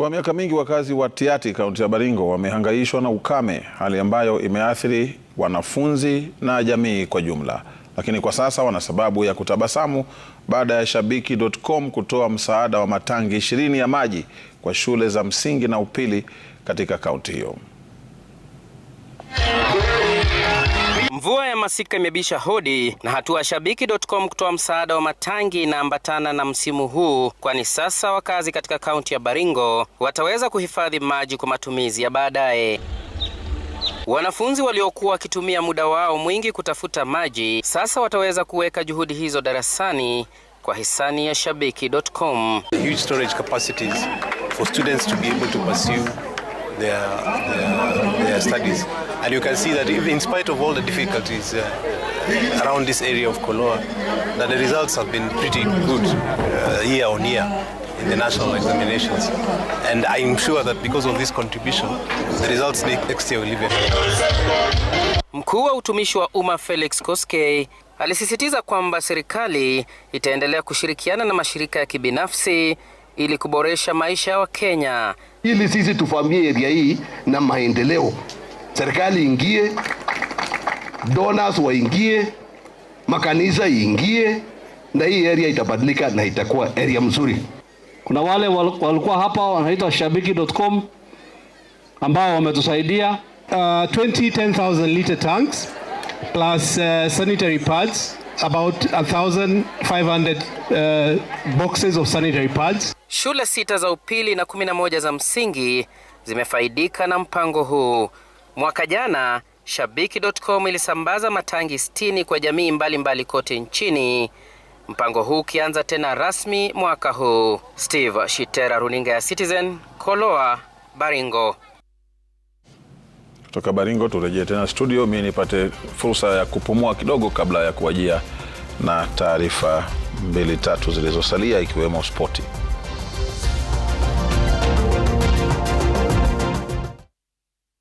Kwa miaka mingi wakazi wa Tiaty kaunti ya Baringo wamehangaishwa na ukame, hali ambayo imeathiri wanafunzi na jamii kwa jumla, lakini kwa sasa wana sababu ya kutabasamu baada ya Shabiki.com kutoa msaada wa matangi ishirini ya maji kwa shule za msingi na upili katika kaunti hiyo. Mvua ya masika imebisha hodi na hatua Shabiki.com kutoa msaada wa matangi inaambatana na msimu huu, kwani sasa wakazi katika kaunti ya Baringo wataweza kuhifadhi maji kwa matumizi ya baadaye. Wanafunzi waliokuwa wakitumia muda wao mwingi kutafuta maji sasa wataweza kuweka juhudi hizo darasani kwa hisani ya Shabiki.com. Huge studies. And you can see that even in spite of all the difficulties uh, around this area of Koloa, that the results have been pretty good uh, year on year in the national examinations. And I'm sure that because of this contribution, the results next year will even. Mkuu wa utumishi wa umma Felix Koskei alisisitiza kwamba serikali itaendelea kushirikiana na mashirika ya kibinafsi ili kuboresha maisha ya wa Wakenya, ili sisi tufamie eria hii na maendeleo. Serikali ingie, donors waingie, makanisa iingie, na hii area itabadilika na itakuwa area mzuri. Kuna wale walikuwa hapa wanaitwa shabiki.com ambao wametusaidia uh, 20 10000 liter tanks plus uh, sanitary pads about 1500 uh, boxes of sanitary pads. Shule sita za upili na 11 za msingi zimefaidika na mpango huu. Mwaka jana Shabiki.com ilisambaza matangi 60 kwa jamii mbalimbali mbali kote nchini, mpango huu ukianza tena rasmi mwaka huu. Steve Shitera, runinga ya Citizen, Koloa, Baringo. Kutoka Baringo turejee tena studio, mi nipate fursa ya kupumua kidogo kabla ya kuwajia na taarifa mbili tatu zilizosalia ikiwemo spoti.